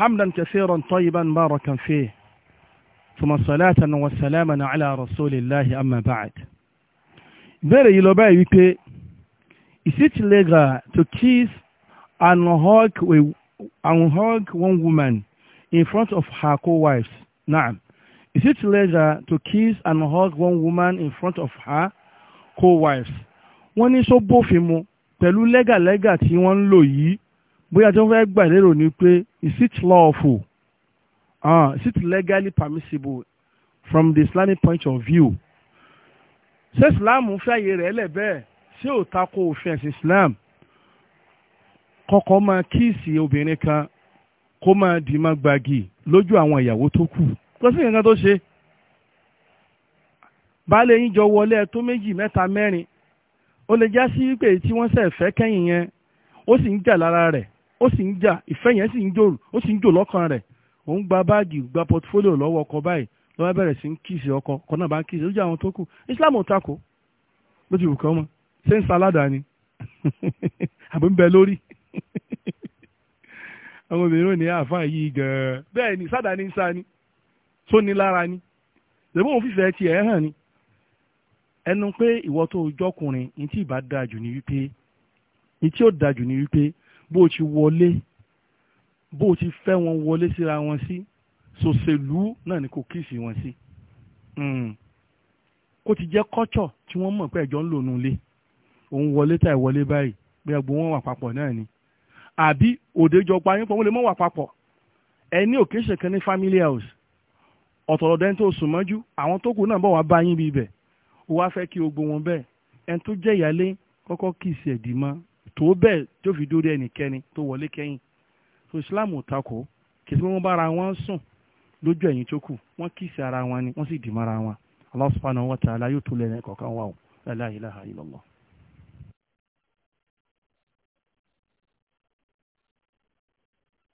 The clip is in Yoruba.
حمدا كثيرا طيبا باركا فيه ثم صلاة وسلاما على رسول الله أما بعد bẹ̀rẹ̀ yìí lọ báyìí wípé is it legal to kiss and hug, and hug one woman in front of her co-wives naam is it legal to kiss and hug one woman in front of her co-wives wọ́n ní sọ bófin mu pẹ̀lú lẹ́gàlẹ́gà tí wọ́n ń lò yìí bóyá tí wọ́n fẹ́ gbà lérò ni pé is it lawful uh, is it legally permissible from the Islamic point of view ṣé ìsìláàmù fàyè rẹ̀ lẹ̀ bẹ́ẹ̀ ṣé ò takò òfin ẹ̀sìn ìsìláàmù kọ́kọ́ máa kíìsì obìnrin kan kó máa dì máa gbagi lójú àwọn ìyàwó tó kù kò sí nǹkan tó ṣe baálé yín jọ wọlé ẹ tó méjì mẹ́ta mẹ́rin ó lè já sí wípé tí wọ́n ṣẹ̀ fẹ́ kẹ́yìn yẹn ó sì ń jà lára rẹ̀ ó sì ń jà ìfẹ́ yẹn sì ń jò ó sì ń jò lọ́kàn rẹ̀ òun gba báàgì gba portfolio lọ́wọ́ ọkọ báyìí lọ́wọ́ bẹ̀rẹ̀ sí ń kíìsì ọkọ ọkọ náà bá ń kíìsì lójú àwọn tó kù Islam ò takò lójú ìwùkọ́ mọ́ ṣé ń salada ni àbí ń bẹ lórí àwọn obìnrin ò ní àáfàá yìí gan-an bẹ́ẹ̀ ni sádà ní sá ni tó ní lára ni lẹ́gbọ́n òun fífẹ́ tiẹ̀ hàn ni ẹnu pé ìwọ tó jọkùnrin ní tí ì bó ti wọlé bó ti fẹ́ wọn wọlé síra wọn sí sòṣèlú náà ni kò kíìsì wọn sí kó hmm. ti jẹ́ kọ́tsọ̀ tí wọ́n mọ̀ pé ẹ̀jọ́ ń lò nulẹ̀ òun wọlé tàì wọlé báyìí bí ẹgbẹ́ wọn wà papọ̀ náà ni àbí òdejọ pa yín pọ̀ wọ́n lè mọ̀ wà papọ̀ ẹ ní occasion kan ní family house ọ̀tọ̀rọ̀ dẹ́n tó sùn mọ́jú àwọn tó kù náà bọ̀ wá bá yín bí ibẹ̀ ó wá fẹ́ kí o gbó wọn bẹ́ẹ̀ ẹn tó jẹ́ ìyálé kọ́kọ́ kì í ṣe ẹ̀dì mọ́ tó bẹ́ẹ̀ tó fi dórí ẹnikẹ́ni tó wọlé kẹ́yìn so islam ò takò kì í sí wọn bára wọn sùn lójú ẹ̀yìn tó kù wọ́n kìsì ara wọn ni wọ́n sì dì mọ́ra wọn Allah subhanahu wa ta'ala yóò tó lẹ́yìn kọ̀ọ̀kan wà ó la ilaha illallah.